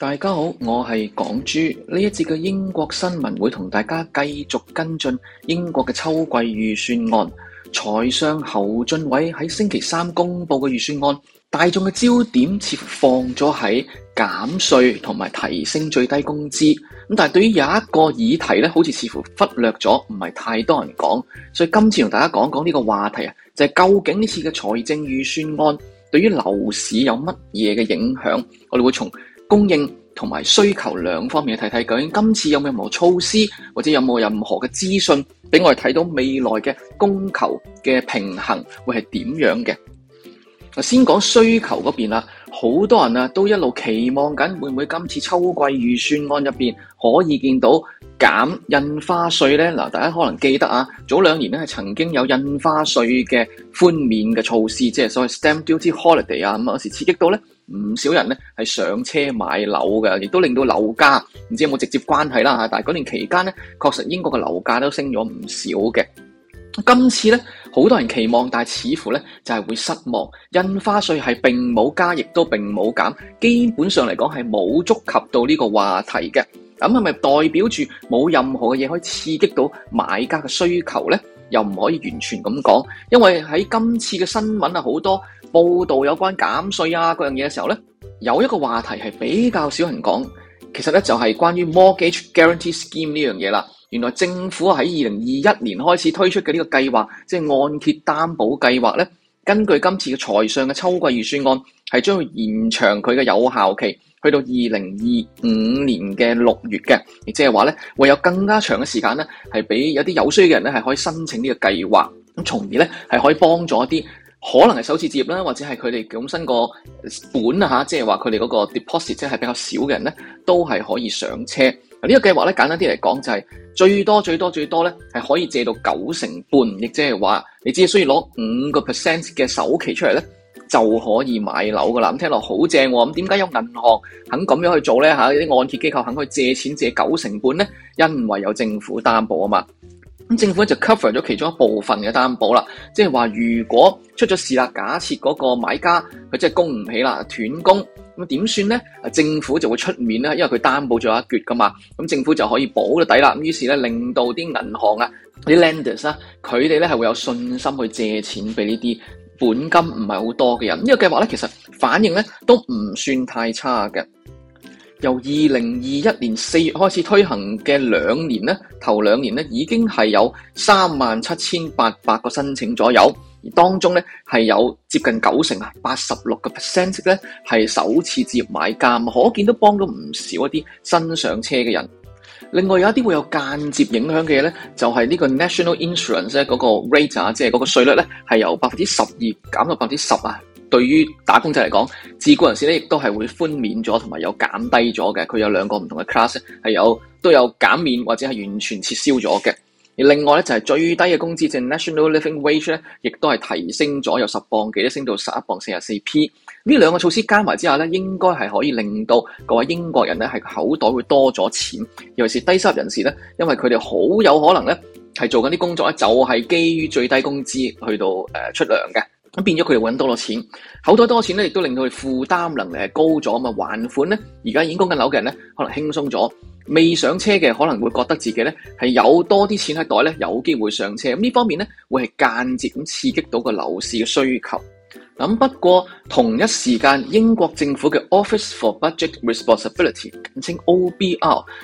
大家好，我係港豬。呢一節嘅英國新聞會同大家繼續跟進英國嘅秋季預算案。財相侯俊偉喺星期三公布嘅預算案，大眾嘅焦點似乎放咗喺減稅同埋提升最低工資。咁但係對於有一個議題咧，好似似乎忽略咗，唔係太多人講。所以今次同大家講講呢個話題啊，就係究竟呢次嘅財政預算案對於樓市有乜嘢嘅影響？我哋會從。供應同埋需求兩方面嘅睇睇，看看究竟今次有冇任何措施，或者有冇任何嘅資訊俾我哋睇到未來嘅供求嘅平衡會係點樣嘅？嗱，先講需求嗰邊啦，好多人啊都一路期望緊，會唔會今次秋季預算案入邊可以見到減印花稅咧？嗱，大家可能記得啊，早兩年咧係曾經有印花稅嘅寬免嘅措施，即係所謂 Stamp Duty Holiday 啊，咁有時刺激到咧。唔少人咧係上車買樓嘅，亦都令到樓價唔知有冇直接關係啦嚇。但係嗰年期間咧，確實英國嘅樓價都升咗唔少嘅。今次咧，好多人期望，但係似乎咧就係會失望。印花稅係並冇加，亦都並冇減，基本上嚟講係冇觸及到呢個話題嘅。咁係咪代表住冇任何嘅嘢可以刺激到買家嘅需求咧？又唔可以完全咁講，因為喺今次嘅新聞啊好多報導有關減稅啊嗰樣嘢嘅時候，呢有一個話題係比較少人講，其實呢，就係關於 Mortgage Guarantee Scheme 呢樣嘢啦。原來政府喺二零二一年開始推出嘅呢個計劃，即係按揭擔保計劃呢。根據今次嘅財相嘅秋季預算案，係將要延長佢嘅有效期，去到二零二五年嘅六月嘅，亦即係話咧，會有更加長嘅時間咧，係俾有啲有需嘅人咧，係可以申請個計劃，從而呢個計劃，咁從而咧係可以幫助一啲可能係首次置業啦，或者係佢哋貢身個本啊嚇，即係話佢哋嗰個 deposit 即係比較少嘅人咧，都係可以上車。嗱，呢個計劃咧，簡單啲嚟講就係、是、最多最多最多咧係可以借到九成半，亦即係話你只需要攞五個 percent 嘅首期出嚟咧就可以買樓噶啦。咁聽落好正喎，咁點解有銀行肯咁樣去做咧？啲、吓、按揭機構肯去借錢借九成半咧？因為有政府擔保啊嘛。咁政府咧就 cover 咗其中一部分嘅擔保啦，即係話如果出咗事啦，假設嗰個買家佢真係供唔起啦，斷供。咁點算呢？政府就會出面咧，因為佢擔保咗一橛噶嘛。咁政府就可以保得底啦。於是咧，令到啲銀行啊、啲 lenders 啊，佢哋咧係會有信心去借錢俾呢啲本金唔係好多嘅人。這個、計劃，呢個計劃咧，其實反應咧都唔算太差嘅。由二零二一年四月開始推行嘅兩年咧，頭兩年咧已經係有三萬七千八百個申請左右。而當中咧係有接近九成啊，八十六個 percent 咧係首次置業買家，可見都幫到唔少一啲新上車嘅人。另外有一啲會有間接影響嘅嘢咧，就係呢個 national insurance 咧嗰個 rate 啊，即係嗰個稅率咧係由百分之十二減到百分之十啊。對於打工仔嚟講，自僱人士咧亦都係會寬免咗同埋有減低咗嘅。佢有兩個唔同嘅 class 係有都有減免或者係完全撤銷咗嘅。而另外咧就係最低嘅工資，即係 National Living Wage 咧，亦都係提升咗，由十磅幾升到十一磅四十四 p。呢兩個措施加埋之下咧，應該係可以令到各位英國人咧係口袋會多咗錢，尤其是低收入人士咧，因為佢哋好有可能咧係做緊啲工作咧，就係、是、基於最低工資去到誒、呃、出糧嘅。咁變咗佢哋揾多咗錢，好多多錢咧，亦都令到佢負擔能力係高咗啊嘛。還款咧，而家已經供緊樓嘅人咧，可能輕鬆咗；未上車嘅可能會覺得自己咧係有多啲錢喺袋咧，有機會上車。咁呢方面咧，會係間接咁刺激到個樓市嘅需求。咁不過同一時間，英國政府嘅 Office for Budget Responsibility，簡稱 OBR，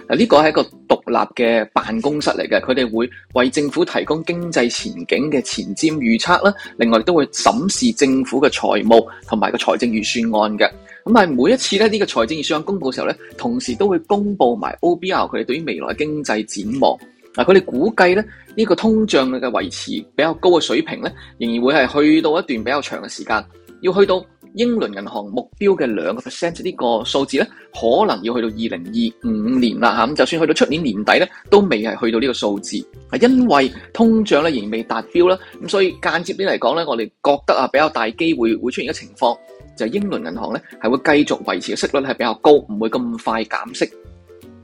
嗱，呢個係一個獨立嘅辦公室嚟嘅，佢哋會為政府提供經濟前景嘅前瞻預測啦，另外都會審視政府嘅財務同埋個財政預算案嘅。咁係每一次咧呢個財政預算案公布嘅時候咧，同時都會公布埋 OBR 佢哋對於未來經濟展望。嗱，佢哋估計咧，呢個通脹嘅維持比較高嘅水平咧，仍然會係去到一段比較長嘅時間，要去到英倫銀行目標嘅兩個 percent 呢個數字咧，可能要去到二零二五年啦嚇。咁就算去到出年年底咧，都未係去到呢個數字，係因為通脹咧仍然未達標啦。咁所以間接啲嚟講咧，我哋覺得啊比較大機會會出現嘅情況就係英倫銀行咧係會繼續維持嘅息率係比較高，唔會咁快減息。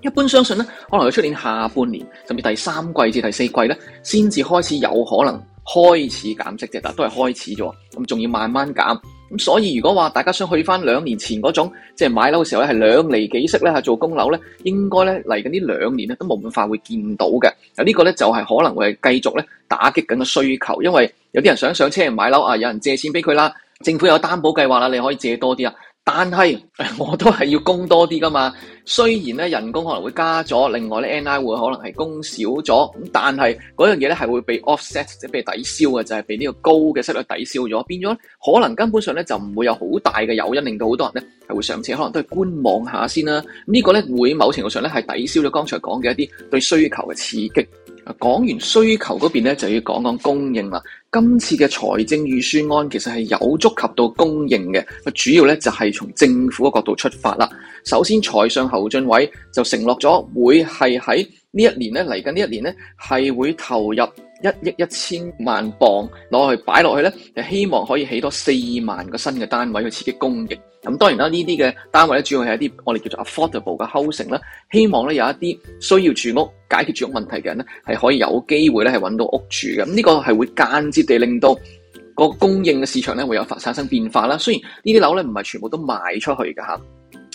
一般相信咧，可能喺出年下半年甚至第三季至第四季咧，先至開始有可能開始減息啫。但都係開始咗，咁仲要慢慢減。咁所以如果話大家想去翻兩年前嗰種，即係買樓嘅時候咧，係兩厘幾息咧，做供樓咧，應該咧嚟緊呢兩年咧都冇辦法會見到嘅。有呢個咧就係、係、可能會繼續咧打擊緊嘅需求，因為有啲人想上車買樓啊，有人借錢俾佢啦，政府有擔保計劃啦，你可以借多啲啊。但係我都係要供多啲噶嘛，雖然咧人工可能會加咗，另外咧 NI 會可能係供少咗，咁但係嗰樣嘢咧係會被 offset 即係被抵消嘅，就係、是、被呢個高嘅息率抵消咗，變咗可能根本上咧就唔會有好大嘅誘因，令到好多人咧係會上車，可能都係觀望下先啦、啊。這個、呢個咧會某程度上咧係抵消咗剛才講嘅一啲對需求嘅刺激。講完需求嗰邊咧就要講講供應啦。今次嘅財政預算案其實係有觸及到供應嘅，主要咧就係、是、從政府嘅角度出發啦。首先，財相侯俊偉就承諾咗會係喺呢一年咧嚟緊呢一年咧係會投入一億一千萬磅攞去擺落去咧，就希望可以起多四萬個新嘅單位去刺激供應，咁、嗯、當然啦，呢啲嘅單位咧主要係一啲我哋叫做 affordable 嘅 housing 啦，希望咧有一啲需要住屋解決住屋問題嘅人咧係可以有機會咧係揾到屋住嘅。咁、嗯、呢、這個係會間接。地令到個供應嘅市場咧會有發生變化啦。雖然呢啲樓咧唔係全部都賣出去嘅嚇，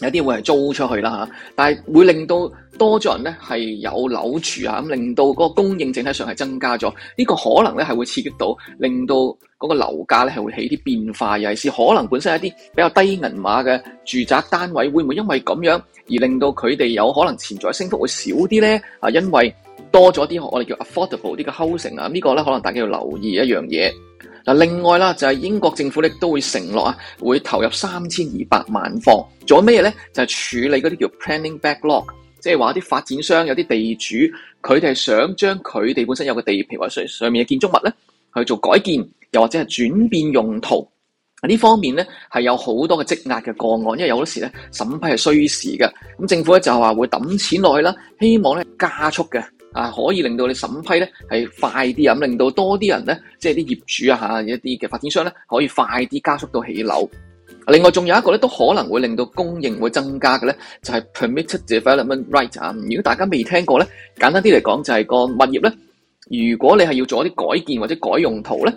有啲會係租出去啦嚇，但係會令到多咗人咧係有樓住啊，咁令到個供應整體上係增加咗。呢個可能咧係會刺激到，令到嗰個樓價咧係會起啲變化。尤其是可能本身一啲比較低銀碼嘅住宅單位，會唔會因為咁樣而令到佢哋有可能潛在升幅會少啲咧？啊，因為多咗啲，我哋叫 affordable 啲嘅 housing 啊，呢個咧可能大家要留意一樣嘢嗱。另外啦，就係英國政府咧都會承諾啊，會投入三千二百萬方做咩咧？就係處理嗰啲叫 planning backlog，即係話啲發展商有啲地主佢哋想將佢哋本身有嘅地皮或上上面嘅建築物咧去做改建，又或者係轉變用途，喺呢方面咧係有好多嘅積壓嘅個案，因為有好多時咧審批係需時嘅。咁政府咧就話會抌錢落去啦，希望咧加速嘅。啊，可以令到你審批咧係快啲，咁令到多啲人咧，即係啲業主啊嚇，一啲嘅發展商咧，可以快啲加速到起樓。另外仲有一個咧，都可能會令到供應會增加嘅咧，就係、是、permitted development right 啊。如果大家未聽過咧，簡單啲嚟講就係個物業咧，如果你係要做一啲改建或者改用途咧，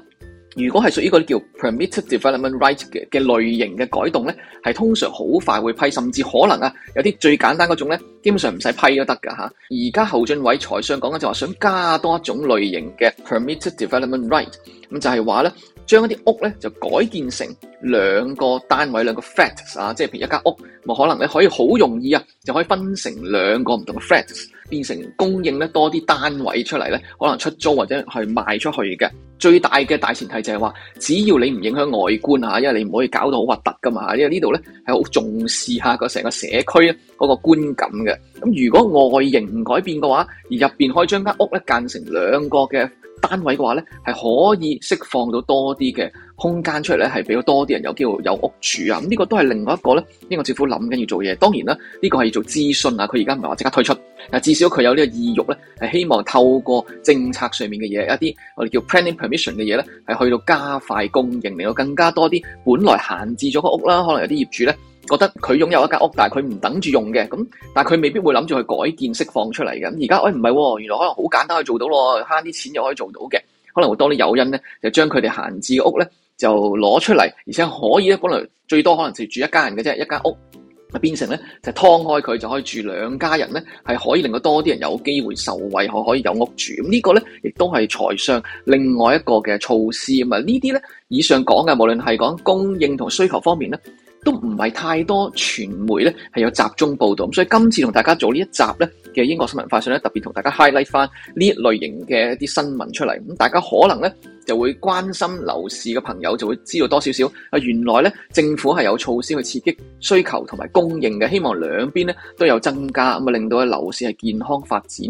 如果係屬於嗰啲叫 permitted development right 嘅嘅類型嘅改動咧，係通常好快會批，甚至可能啊有啲最簡單嗰種咧。基本上唔使批都得噶吓，而家侯俊偉財商講嘅就話想加多一種類型嘅 permitted development right，咁就係話咧，將一啲屋咧就改建成兩個單位，兩個 flats 啊，即係譬如一間屋，可能你可以好容易啊，就可以分成兩個唔同嘅 flats，變成供應咧多啲單位出嚟咧，可能出租或者係賣出去嘅。最大嘅大前提就係話，只要你唔影響外觀吓，因為你唔可以搞到好核突噶嘛，因為呢度咧係好重視吓個成個社區嗰個觀感嘅。如果外形唔改變嘅話，而入面可以將間屋咧間成兩個嘅單位嘅話咧，係可以釋放到多啲嘅空間出嚟咧，係俾多啲人有機會有屋住啊！咁、嗯、呢、呢個都係另外一個咧，呢個政府諗緊要做嘢。當然啦，呢、呢個係要做諮詢啊，佢而家唔係話即刻推出，至少佢有呢個意欲咧，係希望透過政策上面嘅嘢，一啲我哋叫 planning permission 嘅嘢咧，係去到加快供應，令到更加多啲本來限制咗個屋啦，可能有啲業主咧。覺得佢擁有一間屋，但係佢唔等住用嘅，咁但係佢未必會諗住去改建釋放出嚟嘅。咁而家，哎，唔係喎，原來可能好簡單去做到咯，慳啲錢又可以做到嘅。可能會多啲誘因咧，就將佢哋閒置屋咧，就攞出嚟，而且可以咧，本來最多可能就住一家人嘅啫，一間屋，變成咧就劏開佢就可以住兩家人咧，係可以令到多啲人有機會受惠，可可以有屋住。咁、這個、呢個咧，亦都係財商另外一個嘅措施嘛。咁啊，呢啲咧，以上講嘅，無論係講供應同需求方面咧，都唔係太多傳媒咧係有集中報導，所以今次同大家做呢一集咧嘅英國新聞快訊咧，特別同大家 highlight 翻呢一類型嘅一啲新聞出嚟，咁大家可能咧就會關心樓市嘅朋友就會知道多少少啊，原來咧政府係有措施去刺激需求同埋供應嘅，希望兩邊咧都有增加，咁啊令到嘅樓市係健康發展。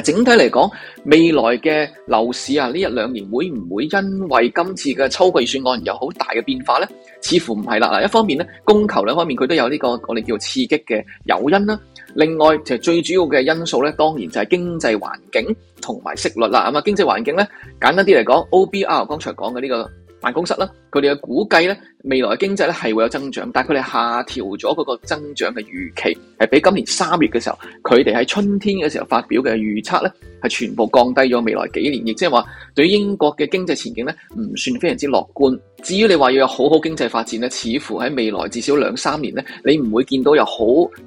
整體來講，未來的樓市啊，這一兩年會不會因為今次的秋季算案有好大的變化呢？似乎不是啦。一方面咧，供求兩方面它都有這個我們叫刺激的誘因啦，另外，其實最主要的因素咧，當然就是經濟環境同埋息率啦。咁、嗯、啊，經濟環境呢，簡單點來講，O B R 剛才講的這個辦公室啦。佢哋嘅估計咧，未來嘅經濟咧係會有增長，但係佢哋下調咗嗰個增長嘅預期，係比今年三月嘅時候，佢哋喺春天嘅時候發表嘅預測咧，係全部降低咗未來幾年，亦即係話對於英國嘅經濟前景咧，唔算非常之樂觀。至於你話要有好好經濟發展咧，似乎喺未來至少兩三年咧，你唔會見到有好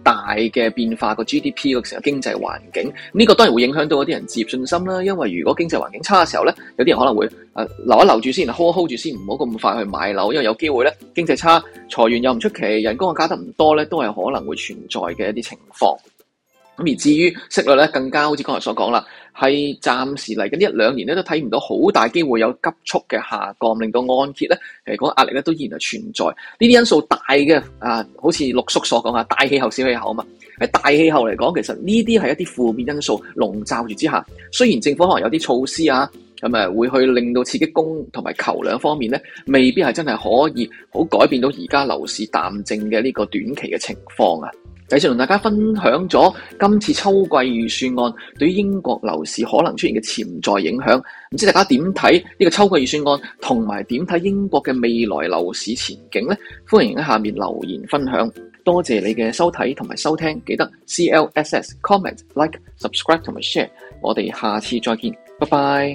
大嘅變化個 GDP 個時候經濟環境。呢、呢個當然會影響到嗰啲人置業信心啦。因為如果經濟環境差嘅時候咧，有啲人可能會、呃、留一留住先，hold hold 住先，唔好咁快。去買樓，因為有機會咧，經濟差、裁員又唔出奇，人工啊加得唔多咧，都係可能會存在嘅一啲情況。咁而至於息率咧，更加好似剛才所講啦，係暫時嚟緊呢一兩年咧都睇唔到好大機會有急速嘅下降，令到按揭咧，誒個壓力咧都依然係存在。呢啲因素大嘅啊，好似陸叔所講啊，大氣候小氣候啊嘛。喺大氣候嚟講，其實呢啲係一啲負面因素籠罩住之下，雖然政府可能有啲措施啊。咁啊，會去令到刺激供同埋求兩方面咧，未必係真係可以好改變到而家樓市淡靜嘅呢個短期嘅情況啊。繼續同大家分享咗今次秋季預算案對於英國樓市可能出現嘅潛在影響，唔知大家點睇呢個秋季預算案，同埋點睇英國嘅未來樓市前景呢？歡迎喺下面留言分享。多謝你嘅收睇同埋收聽，記得 CLSS comment like subscribe 同埋 share。我哋下次再見，拜拜。